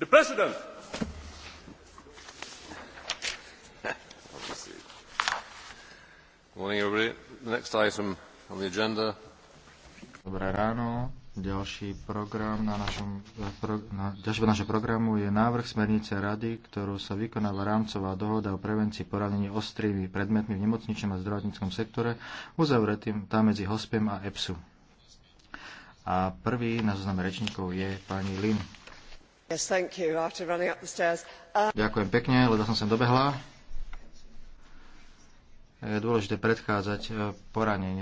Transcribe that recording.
The President! Morning, next item on the agenda. Dobré ráno. Ďalší program na našom, na, na, ďalší našom programu je návrh smernice rady, ktorú sa vykonáva rámcová dohoda o prevencii poranení ostrými predmetmi v nemocničnom a zdravotníckom sektore, uzavretým tá medzi HOSPEM a EPSU. A prvý na zozname rečníkov je pani Lin. Yes, uh... Ďakujem pekne, lebo som sem dobehla. Je dôležité predchádzať uh, poranenie.